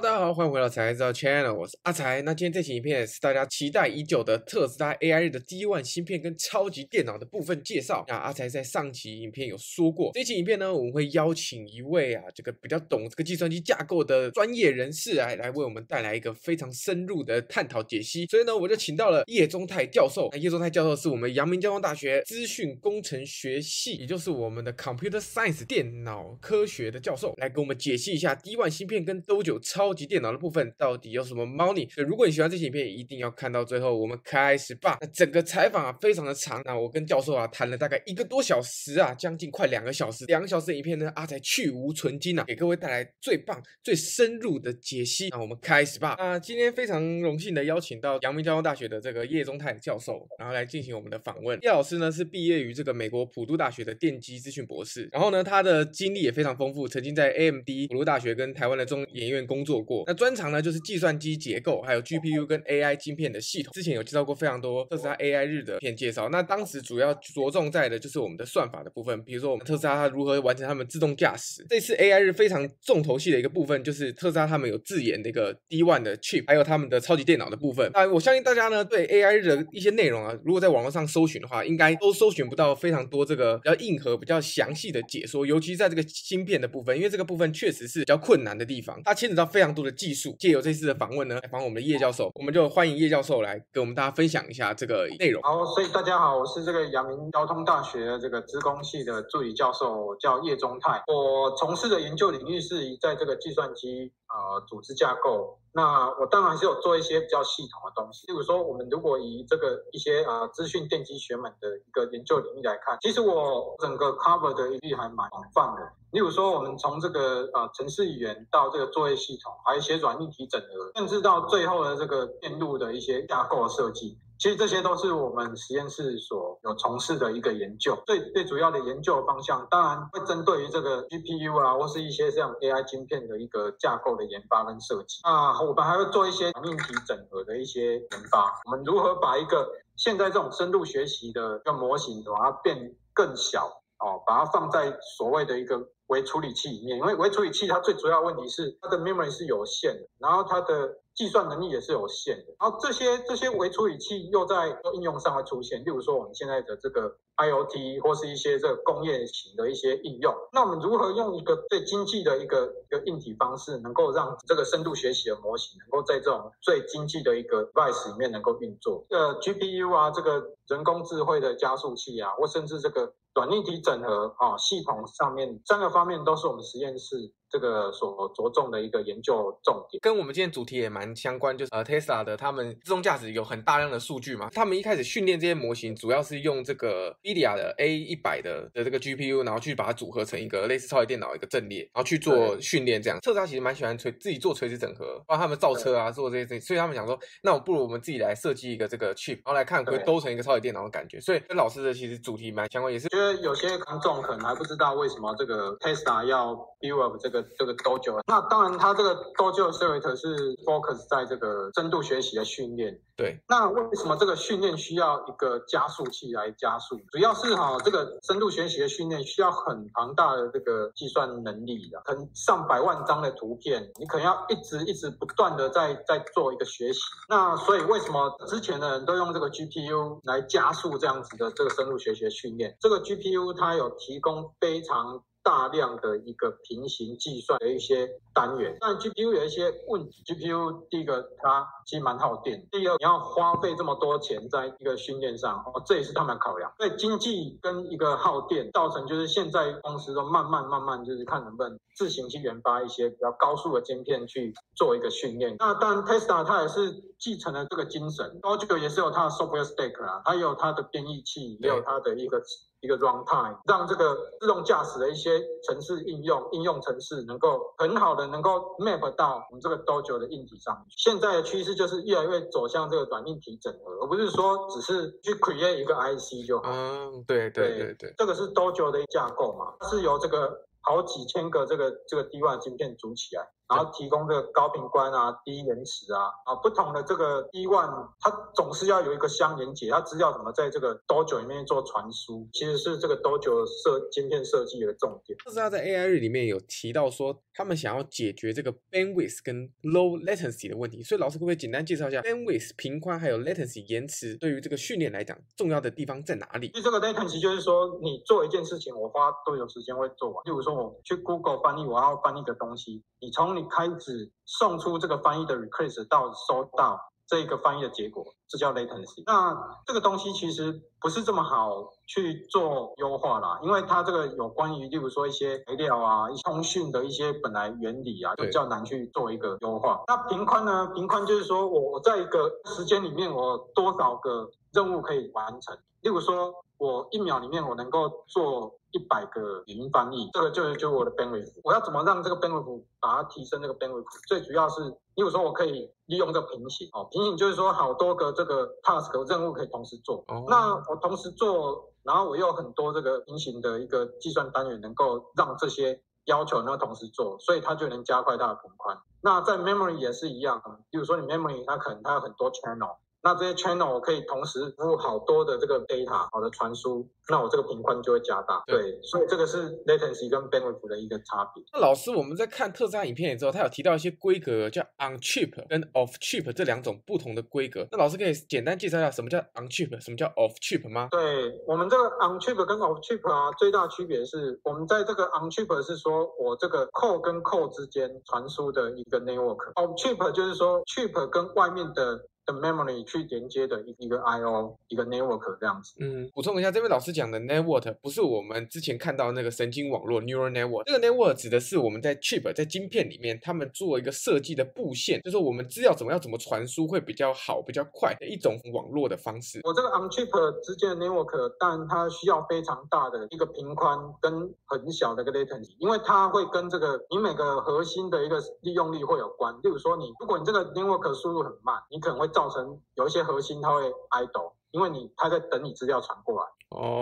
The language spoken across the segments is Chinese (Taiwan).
大家好，歡迎回到財知道 Channel，我是阿財。那今天這期影片也是大家期待已久的特斯拉 AI 日的 D1 芯片跟超級電腦的部分介紹。那阿財在上期影片有說過，這期影片呢，我們會邀請一位啊，這個比較懂這個計算機架構的專業人士來、啊、來為我們帶來一個非常深入的探討解析。所以呢，我就請到了葉宗泰教授。那葉宗泰教授是我們陽明交通大學資訊工程學系，也就是我們的 Computer Science 電腦科學的教授，來給我們解析一下 D1 芯片跟 Dojo 超。超級電腦的部分到底有什麼貓膩？如果你喜歡這期影片，一定要看到最後。我們開始吧。那整個採訪啊，非常的長。那我跟教授啊談了大概一個多小時啊，將近快兩個小時。兩個小時影片呢，阿、啊、財去蕪存菁啊，給各位帶來最棒、最深入的解析。那我們開始吧。那今天非常榮幸的邀請到陽明交通大學的這個葉宗泰教授，然後來進行我們的訪問。葉老師呢是畢業於這個美國普渡大學的電機資訊博士，然後呢他的經歷也非常豐富，曾經在 AMD、普渡大學跟台灣的中研院工作。過那專長呢，就是計算機結構，還有 GPU 跟 AI 晶片的系統。之前有介紹過非常多特斯拉 AI 日的片介紹。那當時主要着重在的就是我們的算法的部分，比如說我們特斯拉如何完成他們自動駕駛。這次 AI 日非常重頭戲的一個部分，就是特斯拉他們有自研的一個 D1 的 chip，還有他們的超級電腦的部分。那我相信大家呢，對 AI 日的一些內容啊，如果在網絡上搜尋的話，應該都搜尋不到非常多這個比較硬核、比較詳細的解說，尤其在這個芯片的部分，因為這個部分確實是比較困難的地方，它牽扯到非亮度的技術，借由這次的訪問呢，來訪我們的葉教授，我們就歡迎葉教授來跟我們大家分享一下這個內容。好，所以大家好，我是這個陽明交通大學的這個資工系的助理教授，我叫葉宗泰。我從事的研究領域是以在這個計算機啊、呃、組織架構。那我當然是有做一些比較系統的東西，例如說，我們如果以這個一些啊、呃、資訊電機學門的一個研究領域來看，其實我整個 cover 的領域還蠻廣泛的。例如說，我們從這個啊程式語言，到這個作業系統，還有一些軟硬體整合，甚至到最後的這個電路的一些架構設計。其實這些都是我們實驗室所有從事的一個研究，最最主要的研究方向，當然會針對於這個 GPU 啊，或是一些像 AI 芯片的一個架構的研發跟設計。那我們還會做一些硬體整合的一些研發，我們如何把一個現在這種深度學習的一個模型，把它變更小哦，把它放在所謂的一個微處理器裡面，因為微處理器它最主要的問題是它的 memory 是有限的，然後它的計算能力也是有限的。然後這些這些微處理器又在應用上會出現，例如說我們現在的這個 IoT 或是一些這個工業型的一些應用。那我們如何用一個最經濟的一個一個硬體方式，能夠讓這個深度學習的模型能夠在這種最經濟的一個 device 裡面能夠運作？呃，GPU 啊，這個人工智慧的加速器啊，或甚至這個。軟硬體整合啊，系統上面三個方面都是我們實驗室。這個所着重的一個研究重點，跟我們今天主題也蠻相關，就是呃，Tesla 的他們自動駕駛有很大量的數據嘛，他們一開始訓練這些模型，主要是用這個 NVIDIA 的 A 一百的的這個 GPU，然後去把它組合成一個類似超級電腦一個陣列，然後去做訓練。這樣對特斯拉其實蠻喜歡垂，自己做垂直整合，幫他們造車啊，對做這些，所以他們想說，那我不如我們自己來設計一個這個 chip，然後來看可以兜成一個超級電腦的感覺。所以跟老師的其實主題蠻相關，也是覺得有些觀眾可能還不知道為什麼這個 Tesla 要 build 這個。這個 Dojo，那當然，它這個 Dojo 的 server 是 focus 在這個深度學習的訓練。對，那為什麼這個訓練需要一個加速器來加速？主要是哈、哦，這個深度學習的訓練需要很龐大的這個計算能力的，很上百萬張的圖片，你可能要一直一直不斷的在在做一個學習。那所以為什麼之前的人都用這個 GPU 來加速這樣子的這個深度學習的訓練？這個 GPU 它有提供非常大量的一個平行計算的一些單元，但 GPU 有一些問題，GPU 第一個它其實蠻耗電，第二你要花費這麼多錢在一個訓練上，哦，這也是他們的考量。所以經濟跟一個耗電造成，就是現在公司都慢慢慢慢就是看能不能自行去研發一些比較高速的晶片去做一個訓練。那當然 Tesla 它也是繼承了這個精神，然後這個也是有它的 software stack 啊，它也有它的編譯器，也有它的一個。一個 runtime，讓這個自動駕駛的一些程式應用、應用程式能夠很好的能夠 map 到我們這個 Dojo 的硬體上。現在的趨勢就是越來越走向這個軟硬體整合，而不是說只是去 create 一個 IC 就好。嗯，對對對對，對這個是 Dojo 的架構嘛，它是由這個好幾千個這個這個 D1 晶片組起來。然後提供的高頻寬啊、低延遲啊啊，不同的這個 D1，它總是要有一個相連結，要知道怎麼在這個 Dojo 裡面做傳輸。其實是這個 Dojo 設芯片設計的重點。就是他在 AI 日裡面有提到說，他們想要解決這個 bandwidth 跟 low latency 的問題。所以老師會可不可以簡單介紹一下 bandwidth 頻寬還有 latency 延遲對於這個訓練來講重要的地方在哪裡？第這個 latency 就是說，你做一件事情，我花多久時間會做完，啊？例如說我去 Google 翻譯，我要翻譯個東西，你從你開始送出這個翻譯的 request 到收到這個翻譯的結果，這叫 latency。那這個東西其實不是這麼好去做優化啦，因為它這個有關於，例如說一些材料啊、一通訊的一些本來原理啊，就比較難去做一個優化。對那頻寬呢？頻寬就是說我在一個時間裡面我多少個任務可以完成。例如說，我一秒裡面我能夠做。一百個語音翻譯，這個就是就我的 bandwidth。我要怎麼讓這個 bandwidth 把它提升這個 bandwidth？最主要是，有時說我可以利用這個平行，哦，平行就是說好多個這個 task 任務可以同時做。哦。那我同時做，然後我又很多這個平行的一個計算單元，能夠讓這些要求呢同時做，所以它就能加快它的頻寬。那在 memory 也是一樣，比如說你 memory，它可能它有很多 channel。那這些 channel 我可以同時服務好多的這個 data 好的傳輸，那我這個頻寬就會加大。對，所以這個是 latency 跟 bandwidth 的一個差別。那老師，我們在看特斯拉影片的時候，他有提到一些規格叫，叫 on chip 跟 off chip 這兩種不同的規格。那老師可以簡單介紹一下什麼叫 on chip，什麼叫 off chip 嗎？對我們這個 on chip 跟 off chip 啊，最大區別是我們在這個 on chip 是說我這個 core 跟 core 之間傳輸的一個 network。off chip 就是說 chip 跟外面的。的 memory 去連接的一一個 I/O 一個 network 這樣子。嗯，補充一下，這位老師講的 network 不是我們之前看到的那個神經網絡 neural network。這個 network 指的是我們在 chip 在晶片裡面，他們做一個設計的布線，就是我們知道怎麼樣怎麼傳輸會比較好、比較快的一種網絡的方式。我這個 on chip 之間的 network，但它需要非常大的一個頻寬跟很小的一個 latency，因為它會跟這個你每個核心的一個利用率會有關。例如說你，你如果你這個 network 速度很慢，你可能會造成有一些核心它會，idle 因為你，它在等你資料傳過來，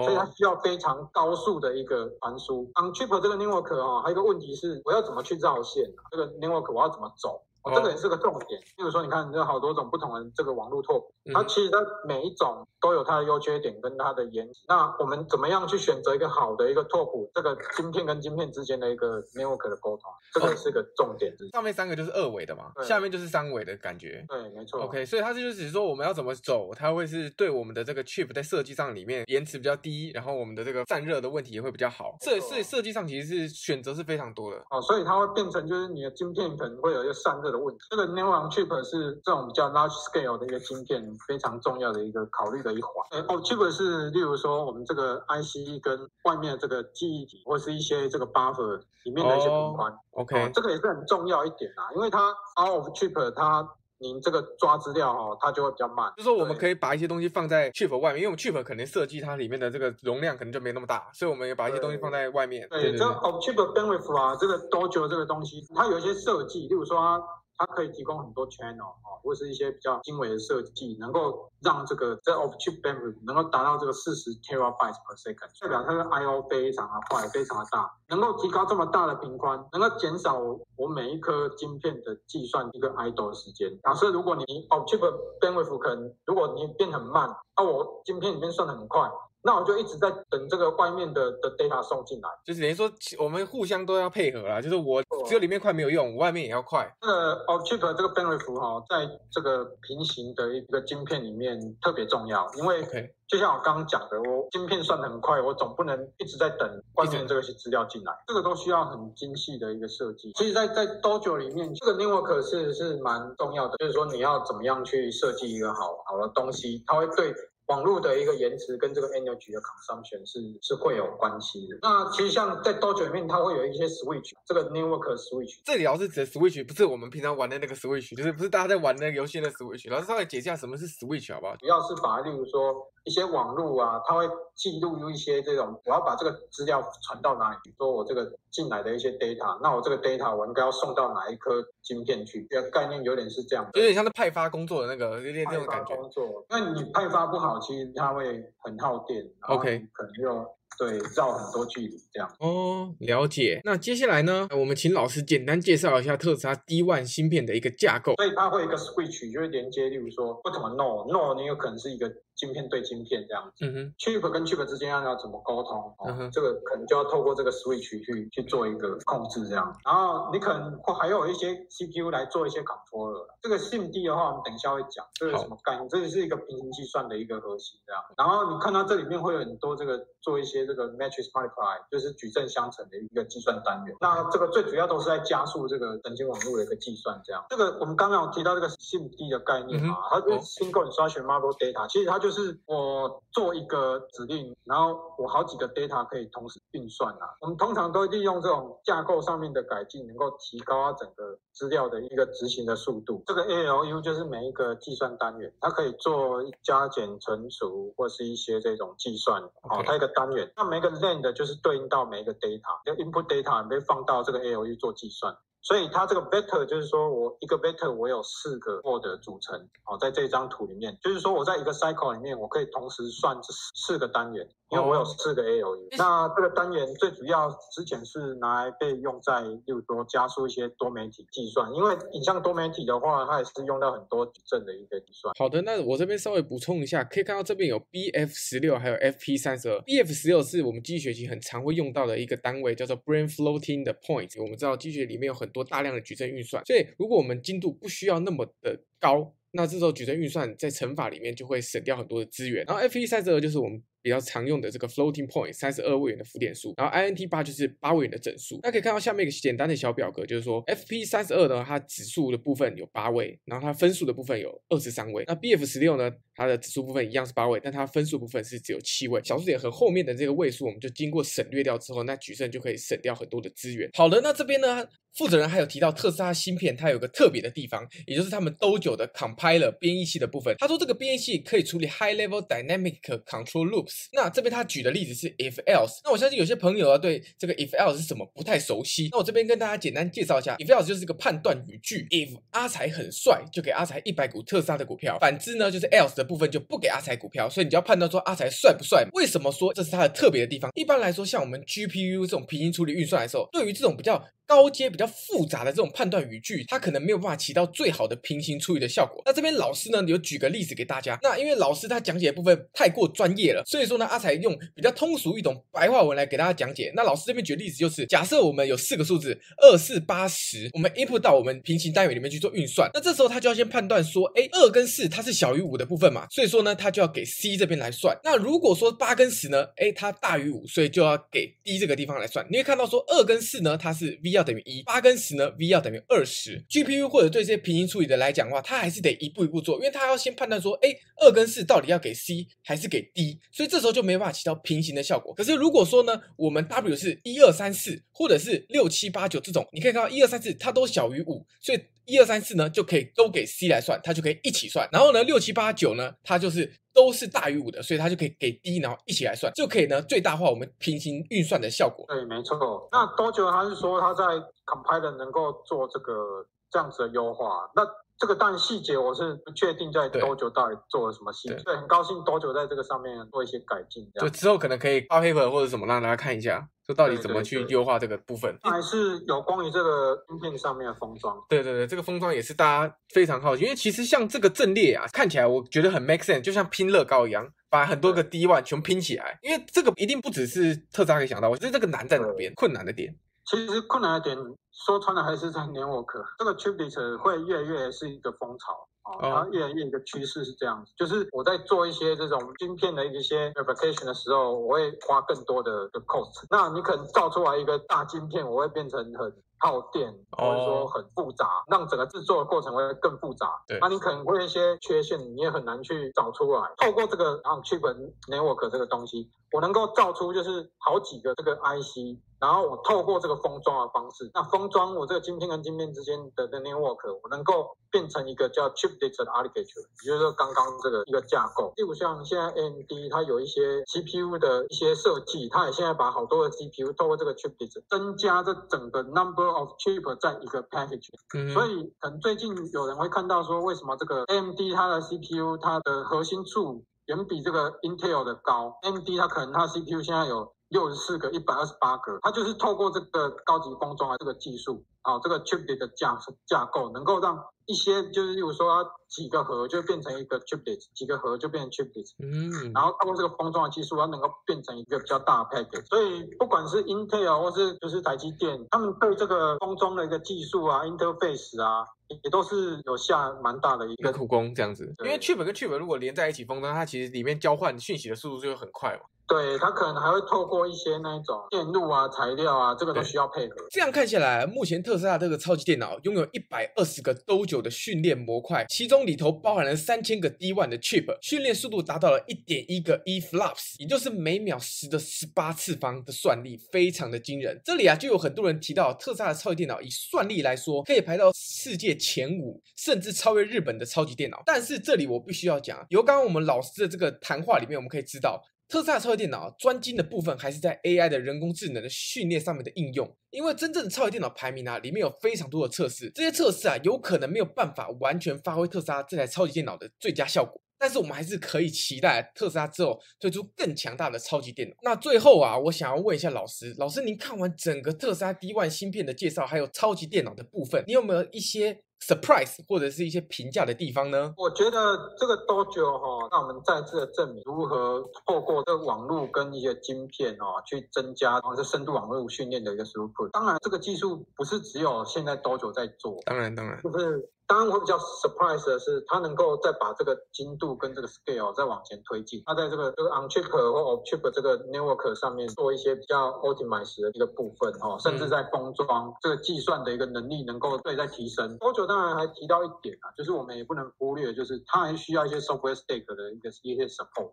所以它需要非常高速的一個傳輸。On chip 這個 Network 啊、哦，還有一個問題是，我要怎麼去繞線、啊、這個 Network 我要怎麼走？哦，oh, 這個也是個重點。例如說，你看有好多種不同的這個網絡拓撲，它其實它每一種都有它的優缺點跟它的延遲。那我們怎麼樣去選擇一個好的一個拓撲？這個晶片跟晶片之間的一個 network 的溝通，這個也是個重點一。上面三個就是二維的嘛，對下面就是三維的感覺。對，對，沒錯、啊。OK，所以它就是只是說我們要怎麼走，它會是對我們的這個 chip 在設計上裡面延遲比較低，然後我們的這個散熱的問題也會比較好。設是、啊、設計上其實是選擇是非常多的。哦，所以它會變成就是你的晶片可能會有一個散熱的問題，這個 new on chip 是這種比較 large scale 的一個芯片非常重要的一個考慮的一環。哎，off chip 是例如說我們這個 IC 跟外面的這個記憶體，或是一些這個 buffer 裡面的一些無關。OK，這個也是很重要一點啊，因為它 Out of chip 它您這個抓資料哈，它就會比較慢。就是說我們可以把一些東西放在 chip 外面，因為我們 chip 可能設計它裡面的這個容量可能就沒那麼大，所以我們也把一些東西放在外面。對，這 off chip bandwidth 啊，這個 Dojo 這個東西，它有一些設計，例如說它。它可以提供很多 channel 哦，或者是一些比較精微的設計，能夠讓這個在 off chip bandwidth 能夠達到這個四十 terabytes per second，代表它的 I/O 非常的快，非常的大，能夠提高這麼大的頻寬，能夠減少我每一顆晶片的計算一個 idle 時間。假、啊、設如果你你 off chip bandwidth 可能如果你變很慢，那、啊、我晶片裡面算的很快。那我就一直在等這個外面的的 data 送進來，就是等於說我們互相都要配合啦，就是我只有裡面快沒有用，哦、我外面也要快。那 o p t i p e 這個 bandwidth 哈、哦，在這個平行的一個晶片裡面特別重要，因為就像我剛剛講的，我晶片算得很快，我總不能一直在等外面這個資料進來，直這個都需要很精細的一個設計。所以在在 Dojo 裡面，這個 Network 是是蠻重要的，就是說你要怎麼樣去設計一個好好的東西，它會對。網絡的一個延遲跟這個 energy 的 consumption 是是會有關係的。那其實像在 Dojo 裡面，它會有一些 switch，這個 network switch。這裡老師指 switch 不是我們平常玩的那個 switch，就是不是大家在玩那個遊戲的 switch。老師稍微解釋下什麼是 switch 好不好？主要是把，例如說一些網絡啊，它會記錄入一些這種，我要把這個資料傳到哪裡？比如說我這個進來的一些 data，那我這個 data 我應該要送到哪一顆芯片去？這個概念有點是這樣，有點像是派发工作的那個有點那種感覺。工作，那你派发不好。其實它會很耗電，OK，可能就 Okay 對，繞很多距離這樣。哦，了解。那接下來呢，我們請老師簡單介紹一下特斯拉 D1 芯片的一個架構。所以它會有一個 switch 就會連接，例如說不怎麼 No No，你有可能是一個。晶片對晶片這樣子、嗯、哼，chip 跟 chip 之間要要怎麼溝通？哦嗯、哼這個可能就要透過這個 switch 去去做一個控制這樣。然後你可能、哦、還要有一些 CPU 來做一些 control。這個 SIMD 的話，我們等一下會講這個是什麼概念，好這是一個平行計算的一個核心這樣。然後你看到這裡面會有很多這個做一些這個 matrix multiply，就是矩陣相乘的一個計算單元。那這個最主要都是在加速這個神經網絡的一個計算這樣。這個我們剛剛有提到這個 SIMD 的概念啊，嗯、哼它會 single instruction multiple data，其實它就是。就是我做一個指令，然後我好幾個 data 可以同時運算了、啊。我們通常都利用這種架構上面的改進，能夠提高整個資料的一個執行的速度。這個 ALU 就是每一個計算單元，它可以做加減、乘除，或是一些這種計算。哦，Okay. 它一個單元。那每一個 lane 的就是對應到每一個 data, 就 data，就 input data 可以放到這個 ALU 做計算。所以它這個 better 就是說，我一個 better 我有四個 word 組成，好，在這張圖裡面，就是說我在一個 cycle 裡面，我可以同時算這四個單元，因為我有四個 ALU。Oh, okay. 那這個單元最主要之前是拿來被用在，例如說加速一些多媒體計算，因為你像多媒體的話，它也是用到很多矩陣的一個計算。好的，那我這邊稍微補充一下，可以看到這邊有 BF 十六，還有 FP 三十二。BF 十六是我們機器學習很常會用到的一個單位，叫做 brain floating 的 point。我們知道機器學習裡面有很多多大量的矩陣運算，所以如果我們精度不需要那麼的高，那這時候矩陣運算在乘法裡面就會省掉很多的資源。然後 FP 三十二就是我們比較常用的這個 floating point 三十二位元的浮點數，然後 INT 八就是八位元的整數。那可以看到下面一個簡單的小表格，就是說 FP 三十二呢，它指數的部分有八位，然後它分數的部分有二十三位。那 BF 十六呢，它的指數部分一樣是八位，但它分數部分是只有七位，小數點和後面的這個位數我們就經過省略掉之後，那矩陣就可以省掉很多的資源。好了，那這邊呢？負責人還有提到特斯拉芯片，它有一個特別的地方，也就是他們 Dojo 的 compiler 編譯器的部分。他說這個編譯器可以處理 high level dynamic control loops。那這邊他舉的例子是 if else。那我相信有些朋友啊對這個 if else 是什麼不太熟悉。那我這邊跟大家簡單介紹一下，if else 就是個判斷語句。if 阿財很帥，就給阿財一百股特斯拉的股票；反之呢，就是 else 的部分就不給阿財股票。所以你就要判斷說阿財帥不帥。為什麼說這是它的特別的地方？一般來說，像我們 GPU 這種平行處理運算來說，對於這種比較高階比較複雜的這種判斷語句，它可能沒有辦法起到最好的平行處理的效果。那這邊老師呢有舉個例子給大家。那因為老師他講解的部分太過專業了，所以說呢阿財用比較通俗易懂白話文來給大家講解。那老師這邊舉例子就是，假設我們有四個數字二、四、八、十，我們 input 到我們平行單元裡面去做運算。那這時候他就要先判斷說，哎、欸，二跟四它是小於五的部分嘛，所以說呢他就要給 C 這邊來算。那如果說八跟十呢，哎、欸，它大於五，所以就要給 D 這個地方來算。你會看到說二跟四呢，它是 V。等於一八跟十呢，V 要等於二十。GPU 或者對這些平行處理的來講的話，它還是得一步一步做，因為它要先判斷說，哎、欸，二跟四到底要給 C 還是給 D，所以這時候就沒辦法起到平行的效果。可是如果說呢，我們 W 是一二三四或者是六七八九這種，你可以看到一二三四它都小於五，所以一二三四呢就可以都給 C 來算，它就可以一起算。然後呢，六七八九呢，它就是。都是大於五的，所以它就可以給低，然後一起來算，就可以呢最大化我們平行運算的效果。對，沒錯。那多久，他是說他在 compiler 能夠做這個這樣子的優化？那這個但細節我是不確定在多久到底對做了什麼事，對，對，很高興多久在這個上面做一些改進，對，之後可能可以發布或者什麼讓大家看一下，說到底怎麼去優化這個部分。還是有關於這個芯片上面的封裝，對對對，這個封裝也是大家非常好奇，因為其實像這個陣列啊，看起來我覺得很 make sense，就像拼樂高一樣，把很多個 D1 全拼起來，對因為這個一定不只是特斯拉可以想到，我覺得這個難在哪邊，對困難的點。其實困難的點說穿了還是在 network。這個 chiplet 會越來越是一個風潮啊，oh. 然後越來越一個趨勢是這樣子。就是我在做一些這種晶片的一些 application 的時候，我會花更多的的 cost。那你可能造出來一個大晶片，我會變成很。耗電或者說很複雜，oh. 讓整個制作的過程會更複雜。對，那、啊、你可能會有一些缺陷，你也很難去找出來。透過這個啊，去本 network 這個東西，我能夠造出就是好幾個這個 IC，然後我透過這個封裝的方式，那封裝我這個晶片跟晶片之間的這個 network，我能夠變成一個叫 chiplet 的 architecture，也就是說剛剛這個一個架構。就像現在 AMD 它有一些 CPU 的一些設計，它也現在把好多的 CPU 透過這個 chiplet 增加這整個 number。Of cheap 在一個 package，Okay. 所以可能最近有人會看到說，為什麼這個 AMD 它的 CPU 它的核心數遠比這個 Intel 的高 AMD 它可能它 CPU 現在有六十四個、一百二十八個，它就是透過這個高級封裝的這個技術。好、哦，這個 chiplet 的架架構能夠讓一些，就是比如說它幾個核就變成一個 chiplet 幾個核就變成 chiplet 嗯。然後透過這個封裝的技術，它能夠變成一個比較大的 package。所以不管是 Intel 或是就是台積電，他們對這個封裝的一個技術啊，interface 啊，也都是有下蠻大的一個苦功這樣子。對因為 chip 跟 chip 如果連在一起封裝，它其實裡面交換訊息的速度就很快。對，它可能還會透過一些那種電路啊、材料啊，這個都需要配合。這樣看起來，目前特特斯拉這個超級電腦擁有一百二十個 Dojo 的訓練模塊，其中裡頭包含了三千個 D1 的 chip，訓練速度達到了一點一個 EFLOPS，也就是每秒十的十八次方的算力，非常的驚人。這裡啊，就有很多人提到特斯拉的超級電腦以算力來說，可以排到世界前五，甚至超越日本的超級電腦。但是這裡我必須要講，由剛剛我們老師的這個談話裡面，我們可以知道。特斯拉的超級電腦啊，專精的部分還是在 AI 的人工智能的訓練上面的應用。因為真正的超級電腦排名啊，裡面有非常多的測試，這些測試啊，有可能沒有辦法完全發揮特斯拉這台超級電腦的最佳效果。但是我們還是可以期待特斯拉之後推出更強大的超級電腦。那最後啊，我想要問一下老師，老師您看完整個特斯拉 D1 芯片的介紹，還有超級電腦的部分，你有沒有一些？Surprise 或者是一些評價的地方呢？我覺得這個 Dojo 哈，讓我們再次的證明如何透過這個網絡跟一些晶片哦，去增加或是深度網絡訓練的一個 output。當然，這個技術不是只有現在 Dojo 在做，當然，當然就是。當然會比較 surprise 的是，它能夠再把這個精度跟這個 scale 再往前推進。那在這個就是這個 on chip 或者 off chip 這個 network 上面做一些比較 optimize 的一個部分哦，嗯、甚至在封裝這個計算的一個能力能夠對再提升。嗯、Dojo 當然還提到一點啊，就是我們也不能忽略，就是它還需要一些 software stack 的一個一些 support。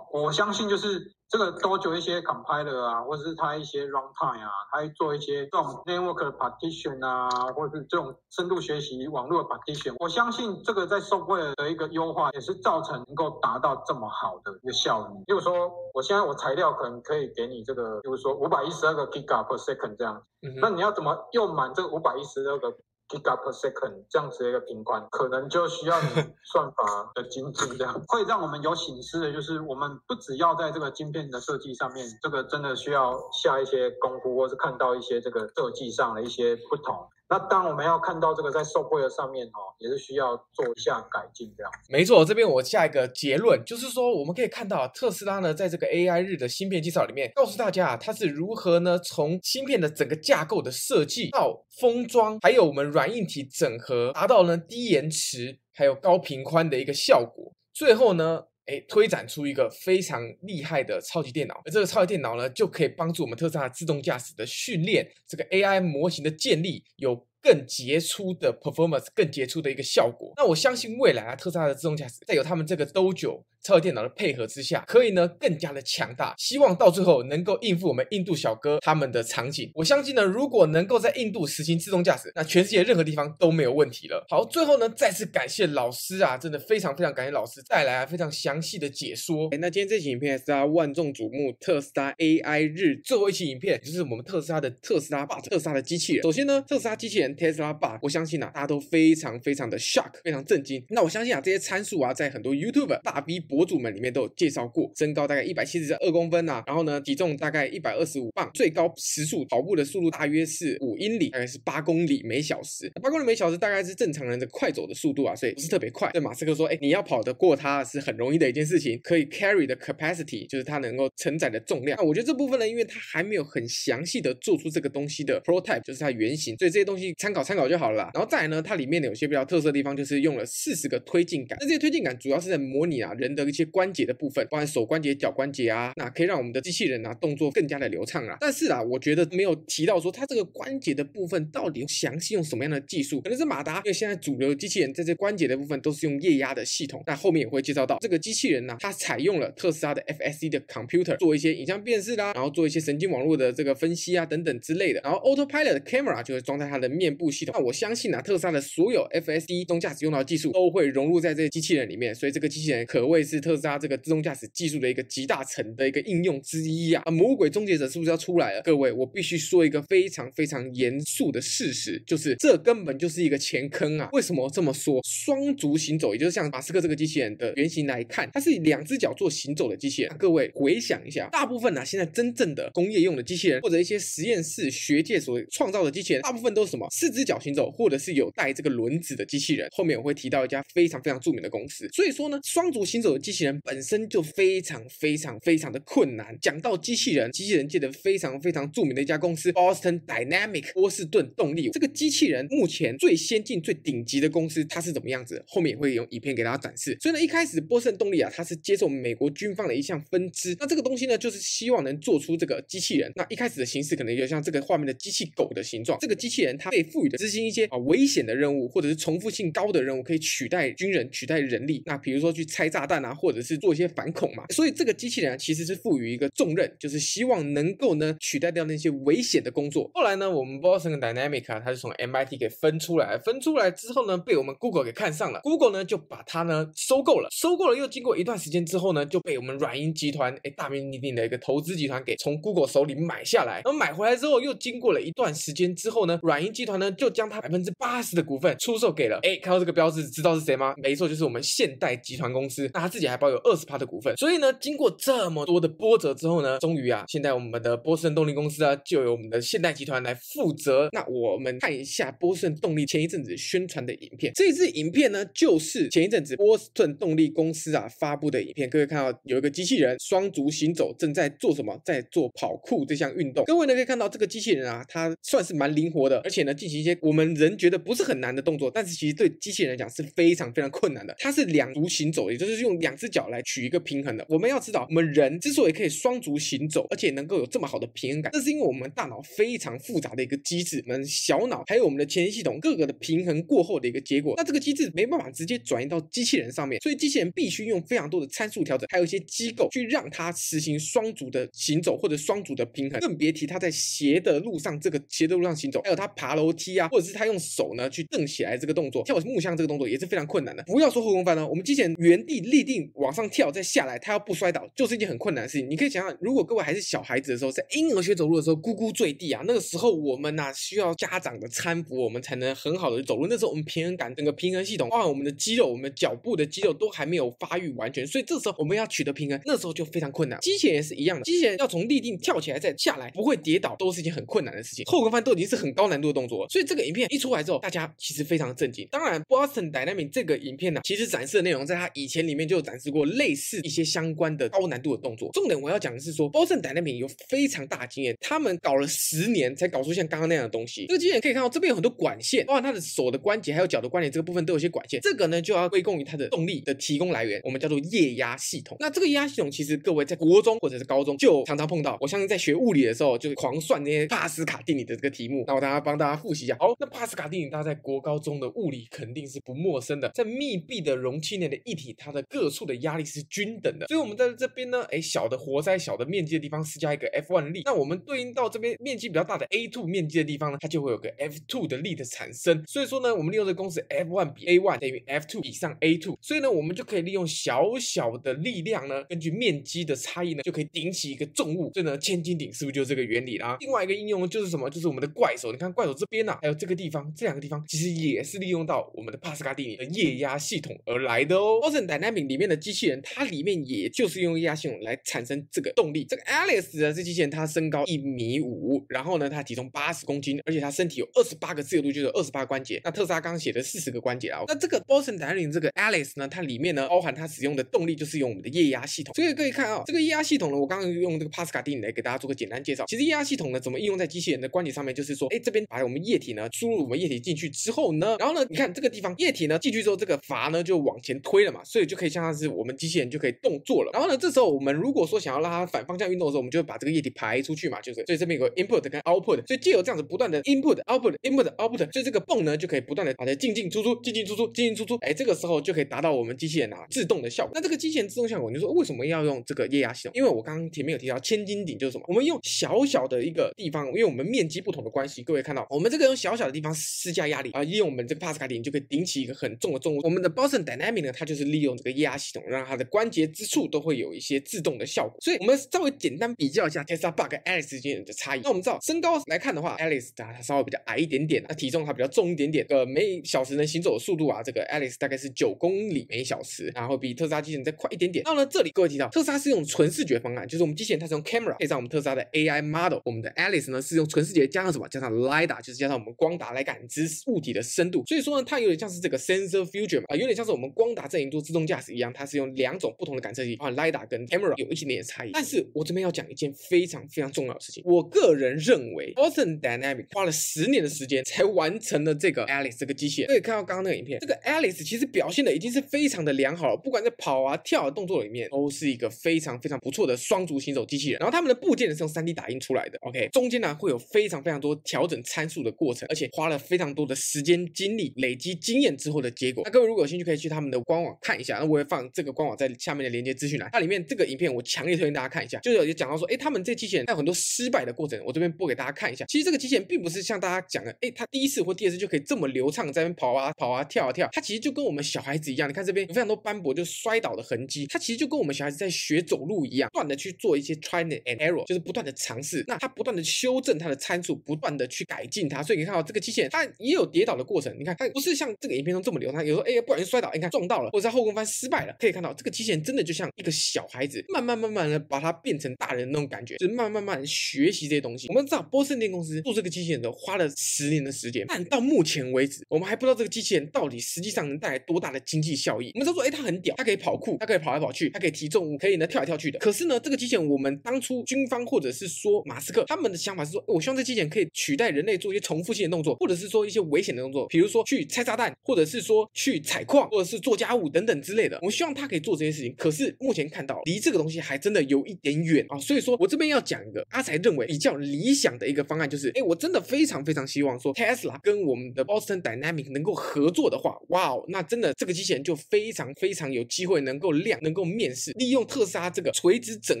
我相信就是這個，Dojo 一些 compiler 啊，或者是它一些 runtime 啊，它會做一些這種 network partition 啊，或者是這種深度學習網絡的 partition。我相信這個在 software 的一個優化，也是造成能夠達到這麼好的一個效率。例如說，我現在我材料可能可以給你這個，比如說五百一十二個 giga per second 這樣子，嗯、哼那你要怎麼用滿這五百一十二個？Giga per second 這樣子的一個頻寬，可能就需要你算法的精準，這樣會讓我們有省思的，就是我們不只要在這個晶片的設計上面，這個真的需要下一些功夫，或是看到一些這個設計上的一些不同，那當我們要看到這個在售貨的上面哦，也是需要做一下改進這樣。沒錯，這邊我下一個結論就是說，我們可以看到特斯拉呢，在這個 AI 日的芯片介紹裡面，告訴大家啊，它是如何呢從芯片的整個架構的設計到封裝，還有我們軟硬體整合，達到呢低延遲還有高頻寬的一個效果。最後呢。哎、欸，推展出一個非常厲害的超級電腦，而這個超級電腦呢，就可以幫助我們特斯拉自動駕駛的訓練，這個 AI 模型的建立有。更傑出的 performance，更傑出的一個效果。那我相信未來啊，特斯拉的自動駕駛在有他們這個 Dojo 超級電腦的配合之下，可以呢更加的強大。希望到最後能夠應付我們印度小哥他們的場景。我相信呢，如果能夠在印度實行自動駕駛，那全世界任何地方都沒有問題了。好，最後呢，再次感謝老師啊，真的非常非常感謝老師帶來啊非常詳細的解說。哎，那今天這期影片是大家萬眾矚目特斯拉 AI 日最後一期影片，就是我們特斯拉的特斯拉把特斯拉的機器人。首先呢，特斯拉機器人。Tesla bot，我相信呢、啊，大家都非常非常的 shock，非常震驚。那我相信啊，這些參數啊，在很多 YouTuber 大 V 博主們裡面都有介紹過。身高大概一百七十二公分啊，然後呢，體重大概一百二十五磅，最高時速跑步的速度大約是五英里，大概是八公里每小時。八公里每小時大概是正常人的快走的速度啊，所以不是特別快。那馬斯克說，哎、欸，你要跑得過它是很容易的一件事情。可以 carry 的 capacity 就是它能夠承載的重量。那我覺得這部分呢，因為它還沒有很詳細的做出這個東西的 prototype，就是它原型，所以這些東西。參考參考就好了啦，然後再來呢，它裡面呢，有些比較特色的地方，就是用了四十個推進桿，那這些推進桿主要是在模擬啊，人的一些關節的部分，包含手關節、腳關節啊，那可以讓我們的機器人啊動作更加的流暢啊。但是啊，我覺得沒有提到說它這個關節的部分到底用詳細用什麼樣的技術，可能是馬達。因為現在主流的機器人在這關節的部分都是用液壓的系統，那後面也會介紹到這個機器人呢、啊，它採用了特斯拉的 FSD 的 computer 做一些影像辨識啦，然後做一些神經網絡的這個分析啊等等之類的。然後 Autopilot 的 camera 就是裝在它的面內部系統，那我相信啊，特斯拉的所有 FSD 自動駕駛用到的技術都會融入在這些機器人裡面，所以這個機器人可謂是特斯拉這個自動駕駛技術的一個集大成的一個應用之一啊！啊，魔鬼終結者是不是要出來了？各位，我必須說一個非常非常嚴肅的事實，就是這根本就是一個前坑啊！為什麼這麼說？雙足行走，也就是像馬斯克這個機器人的原型來看，它是以兩隻腳做行走的機器人、啊。各位回想一下，大部分呢、啊、現在真正的工業用的機器人，或者一些實驗室學界所創造的機器人，大部分都是什麼？四隻腳行走，或者是有帶這個輪子的機器人。後面我會提到一家非常非常著名的公司。所以說呢，雙足行走的機器人本身就非常非常非常的困難。講到機器人，機器人界的非常非常著名的一家公司 Boston Dynamic（ 波士頓動力）。這個機器人目前最先進、最頂級的公司，它是怎麼樣子？後面也會用影片給大家展示。所以呢，一開始波士頓動力啊，它是接受美國軍方的一項分支。那這個東西呢，就是希望能做出這個機器人。那一開始的形式可能就像這個畫面的機器狗的形狀。這個機器人它被，賦予的資金一些啊危險的任務，或者是重複性高的任務，可以取代軍人、取代人力，那比如說去拆炸彈啊，或者是做一些反恐嘛，所以這個機器人其實是賦予一個重任，就是希望能夠呢取代掉那些危險的工作。後來呢，我們 Boston Dynamics 啊，它是從 MIT 給分出來，分出來之後呢，被我們 Google 給看上了，Google 呢就把它呢收購了，收購了又經過一段時間之後呢，就被我們軟銀集團哎，大名鼎鼎的一個投資集團給從 Google 手裡買下來，那麼買回來之後又經過了一段時間之後呢，軟銀集團。呢，就將它百分之八十的股份出售給了哎，看到這個標誌知道是誰嗎？沒錯，就是我們現代集團公司。那他自己還保有二十趴的股份。所以呢，經過這麼多的波折之後呢，終於啊，現在我們的波士頓動力公司啊，就由我們的現代集團來負責。那我們看一下波士頓動力前一陣子宣傳的影片。這一支影片呢，就是前一陣子波士頓動力公司啊發布的影片。各位看到有一個機器人雙足行走，正在做什麼？在做跑酷這項運動。各位呢可以看到這個機器人啊，它算是蠻靈活的，而且呢。進行一些我們人覺得不是很難的動作，但是其實對機器人來講是非常非常困難的。它是兩足行走，也就是用兩隻腳來取一個平衡的。我們要知道，我們人之所以可以雙足行走，而且能夠有這麼好的平衡感，這是因為我們大腦非常複雜的一個機制，我們小腦還有我們的前庭系統各個的平衡過後的一個結果。那這個機制沒辦法直接轉移到機器人上面，所以機器人必須用非常多的參數調整，還有一些機構去讓它實行雙足的行走或者雙足的平衡，更別提它在斜的路上這個斜的路上行走，還有它爬樓。踢啊，或者是他用手呢去蹬起來，這個動作，跳木箱這個動作也是非常困難的。不要說後空翻呢、啊，我們機器人原地立定往上跳再下來，他要不摔倒就是一件很困難的事情。你可以想象，如果各位還是小孩子的時候，在嬰兒學走路的時候，咕咕墜地啊，那個時候我們吶、啊、需要家長的攙扶，我們才能很好的走路。那時候我們平衡感、整個平衡系統、包含我們的肌肉、我們腳部的肌肉都還沒有發育完全，所以這時候我們要取得平衡，那時候就非常困難。機器人也是一樣的，機器人要從立定跳起來再下來不會跌倒，都是一件很困難的事情。後空翻都已經是很高難度的動作了。所以這個影片一出來之後，大家其實非常的震驚。當然，Boston Dynamics 這個影片呢、啊，其實展示的內容在他以前裡面就有展示過類似一些相關的高難度的動作。重點我要講的是說，Boston Dynamics 有非常大的經驗，他們搞了十年才搞出像剛剛那樣的東西。這個經驗可以看到這邊有很多管線，包括他的手的關節還有腳的關節這個部分都有些管線。這個呢就要歸功於它的動力的提供來源，我們叫做液壓系統。那這個液壓系統其實各位在國中或者是高中就常常碰到，我相信在學物理的時候就是狂算那些帕斯卡定理的這個題目。那我大家幫大家復。好，那帕斯卡定理，大家在國高中的物理肯定是不陌生的。在密閉的容器內的液體，它的各處的壓力是均等的。所以我們在這邊呢，哎、欸，小的活塞、小的面積的地方施加一個 F1 力，那我們對應到這邊面積比較大的 A2 面積的地方呢，它就會有個 F2 的力的產生。所以說呢，我們利用這個公式 F1 比 A1 等於 F2 比上 A2，所以呢，我們就可以利用小小的力量呢，根據面積的差異呢，就可以頂起一個重物。所以呢，千斤頂是不是就是這個原理啦？另外一個應用就是什麼？就是我們的怪手。你看怪手這邊。那還有這個地方，這兩個地方其實也是利用到我們的帕斯卡定理的液壓系統而來的哦。Boston Dynamics 裡面的機器人，它裡面也就是用液壓系統來產生這個動力。這個 Alice 呢，這機器人，它身高一米五，然後呢，它體重八十公斤，而且它身體有二十八個自由度，就是二十八關節。那特斯拉剛剛寫的四十個關節啊。那這個 Boston Dynamics 這個 Alice 呢，它裡面呢包含它使用的動力就是用我們的液壓系統。所以各位看啊，哦，這個液壓系統呢，我剛剛用這個帕斯卡定理來給大家做個簡單介紹。其實液壓系統呢，怎麼應用在機器人的關節上面，就是說，哎，這邊把我們。液體呢，輸入我們液體進去之後呢，然後呢，你看這個地方，液體呢進去之後，這個閥呢就往前推了嘛，所以就可以像是我們機器人就可以動作了。然後呢，這時候我們如果說想要讓它反方向運動的時候，我們就會把這個液體排出去嘛，就是。所以這邊有個 input 跟 output，所以借由這樣子不斷的 input output input output，所以這個泵呢就可以不斷的把它進進出出進進出出進進出出，進進出出，哎，這個時候就可以達到我們機器人啊自動的效果。那這個機器人自動效果，你說為什麼要用這個液壓系統？因為我剛剛前面有提到千斤頂就是什麼，我們用小小的一個地方，因為我們面積不同的關係，各位看到我們這。這個用小小的地方施加壓力，而利用我們這個帕斯卡點就可以頂起一個很重的重物。我們的 Boston Dynamics 呢，它就是利用這個液壓系統，讓它的關節之處都會有一些制動的效果。所以，我們稍微簡單比較一下 Tesla Bot 跟 Alice 之間的差異。那我們知道，身高來看的話，Alice 它稍微比較矮一點點，那體重它比較重一點點。呃，每小時能行走的速度啊，這個 Alice 大概是九公里每小時，然後比特斯拉機器人再快一點點。到了這裡各位提到特斯拉是用純視覺方案，就是我們機器人它是用 camera 配上我們特斯拉的 AI model。我們的 Alice 呢是用純視覺加上什麼？加上 LiDAR，就是這樣。加上我們光達來感知物體的深度，所以說呢，它有點像是這個 sensor fusion 啊、呃，有點像是我們光達陣營做自動駕駛一樣，它是用兩種不同的感測器，啊，lidar 跟 camera 有一些點的差異。但是我這邊要講一件非常非常重要的事情，我個人認為 Boston Dynamics 花了十年的時間才完成了這個 Alice 這個機器人，可以看到剛剛那個影片，這個 Alice 其實表現的已經是非常的良好了，不管在跑啊、跳啊的動作裡面，都是一個非常非常不錯的雙足行走機器人。然後他們的部件呢是用三 D 打印出來的，OK，中間呢會有非常非常多調整參數的。過程，而且花了非常多的時間精力，累積經驗之後的結果。那各位如果有興趣，可以去他們的官網看一下。那我也放這個官網在下面的連接資訊欄。它裡面這個影片我強烈推薦大家看一下，就是有講到說，哎，他們這機器人還有很多失敗的過程。我這邊播給大家看一下。其實這個機器人並不是像大家講的，哎，它第一次或第二次就可以這麼流暢，在那邊跑啊跑啊跳啊跳。它其實就跟我們小孩子一樣，你看這邊有非常多斑駁就摔倒的痕迹。它其實就跟我們小孩子在學走路一樣，不斷的去做一些 training and error，就是不斷的嘗試。那它不斷的修正它的參數，不斷的去改進它。所以你看到這個機器人，它也有跌倒的過程。你看，它不是像這個影片中這麼流暢。有時候，哎呀，不小心摔倒，你看撞到了，或者是後空翻失敗了。可以看到，這個機器人真的就像一個小孩子，慢慢慢慢的把它變成大人的那種感覺，就是慢慢慢慢學習這些東西。我們知道，波士頓公司做這個機器人，花了十年的時間，但到目前為止，我們還不知道這個機器人到底實際上能帶來多大的經濟效益。我們都說，哎，它很屌，它可以跑酷，它可以跑來跑去，它可以提重物，可以呢跳來跳去的。可是呢，這個機器人，我們當初軍方或者是說馬斯克他們的想法是說，欸，我希望這機器人可以取代人類做一些重。重複性的動作，或者是說一些危險的動作，比如說去拆炸彈，或者是說去採礦，或者是做家務等等之類的。我希望他可以做這些事情，可是目前看到離這個東西還真的有一點遠啊、哦。所以說我這邊要講一個阿財認為比較理想的一個方案，就是哎，我真的非常非常希望說 Tesla 跟我們的 Boston Dynamics 能夠合作的話，哇哦，那真的這個機器人就非常非常有機會能夠量，能夠面世，利用特斯拉這個垂直整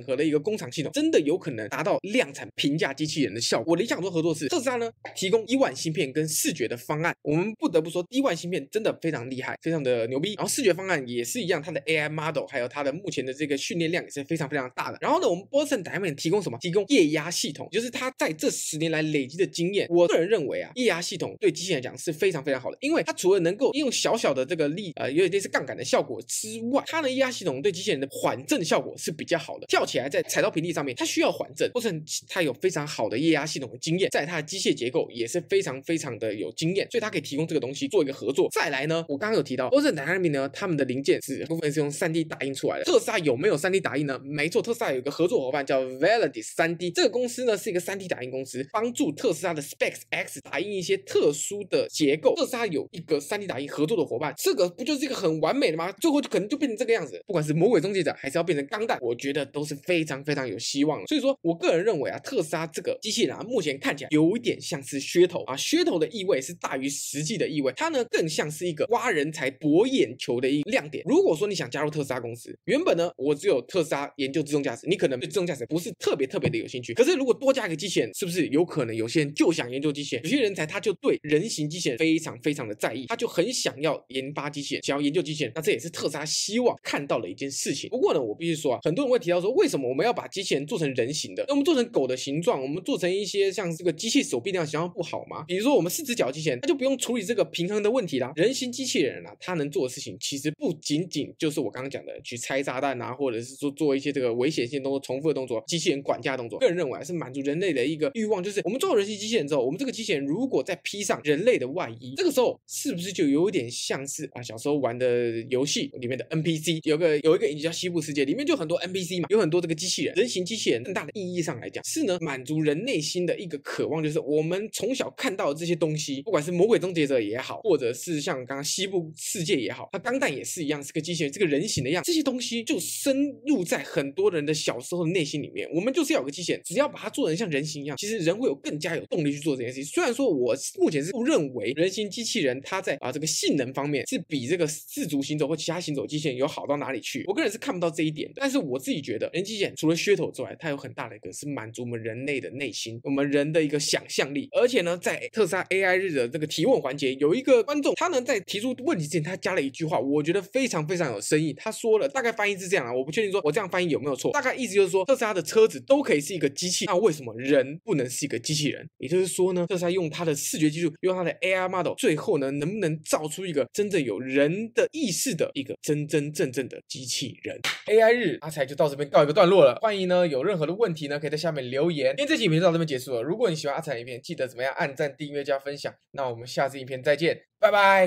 合的一個工廠系統，真的有可能達到量產平價機器人的效果。我理想說合作是特斯拉呢提供。D1 芯片跟視覺的方案，我們不得不說，D1 芯片真的非常厲害，非常的牛逼。然後視覺方案也是一樣，它的 AI model 還有它的目前的這個訓練量也是非常非常大的。然後呢，我們波士頓動力提供什麼？提供液壓系統，就是它在這十年來累積的經驗。我個人認為啊，液壓系統對機器人來講是非常非常好的，因為它除了能夠用小小的這個力呃，有一點是槓桿的效果之外，它的液壓系統對機器人的緩震效果是比較好的。跳起來在踩到平地上面，它需要緩震，波士頓它有非常好的液壓系統的經驗，在它的機械結構也是非常非常的有經驗，所以他可以提供這個東西做一個合作。再來呢，我剛剛有提到，歐洲南難民呢，他們的零件是部分是用 3D 打印出來的。特斯拉有沒有 3D 打印呢？沒錯，特斯拉有一個合作夥伴叫 Velo3D，這個公司呢是一個 3D 打印公司，幫助特斯拉的 SpaceX 打印一些特殊的結構。特斯拉有一個 3D 打印合作的夥伴，這個不就是一個很完美的嗎？最後就可能就變成這個樣子，不管是魔鬼終結者還是要變成鋼彈，我覺得都是非常非常有希望的。所以說我個人認為啊，特斯拉這個機器人啊，目前看起來有一點像是。噱頭啊，噱頭的意味是大於實際的意味，它呢更像是一個挖人才、博眼球的一亮點。如果說你想加入特斯拉公司，原本呢我只有特斯拉研究自動駕駛，你可能對自動駕駛不是特別特別的有興趣。可是如果多加一個機器人，是不是有可能有些人就想研究機器人？有些人才他就對人形機器人非常非常的在意，他就很想要研發機器人，想要研究機器人。那這也是特斯拉希望看到的一件事情。不過呢，我必須說啊，很多人會提到說，為什麼我們要把機器人做成人形的？那我們做成狗的形狀，我們做成一些像這個機器手臂那樣形狀不？好嗎？比如說我們四只腳機器人，那就不用處理這個平衡的問題啦。人形機器人啊，它能做的事情其實不僅僅就是我剛剛講的去拆炸彈啊，或者是說做一些這個危險性動作、重複的動作、機器人管家動作。個人認為是滿足人類的一個欲望，就是我們做了人形機器人之後，我們這個機器人如果再披上人類的外衣，這個時候是不是就有點像是啊小時候玩的遊戲裡面的 NPC？有個有一個影集叫《西部世界》，裡面就很多 NPC 嘛，有很多這個機器人、人形機器人。更大的意義上來講，是呢滿足人內心的一個渴望，就是我們從小看到的這些東西，不管是魔鬼終結者也好，或者是像剛剛西部世界也好，它鋼彈也是一樣，是個機器人，這個人形的樣子，這些東西就深入在很多人的小時候的內心裡面。我們就是要有個機器人，只要把它做成像人形一樣，其實人會有更加有動力去做這件事情。雖然說我目前是不認為人形機器人它在啊這個性能方面是比這個四足行走或其他行走機器人有好到哪裡去，我個人是看不到這一點。但是我自己覺得，人機器人除了噱頭之外，它有很大的一個是滿足我們人類的內心，我們人的一個想象力，而且。在特斯拉 AI 日的這個提問環節，有一個觀眾，他呢在提出問題之前，他加了一句話，我覺得非常非常有深意。他說了，大概翻譯是這樣啊，我不確定說我這樣翻譯有沒有錯，大概意思就是說特斯拉的車子都可以是一個機器，那為什麼人不能是一個機器人？也就是說呢，特斯拉用它的視覺技術，用它的 AI model，最後呢能不能造出一個真正有人的意識的一個真真正正的機器人？AI 日，阿才就到這邊告一個段落了。歡迎呢有任何的問題呢，可以在下面留言。今天這期影片就到這邊結束了。如果你喜歡阿才的影片，記得怎麼樣？按讚、訂閱加分享，那我們下次影片再見，拜拜！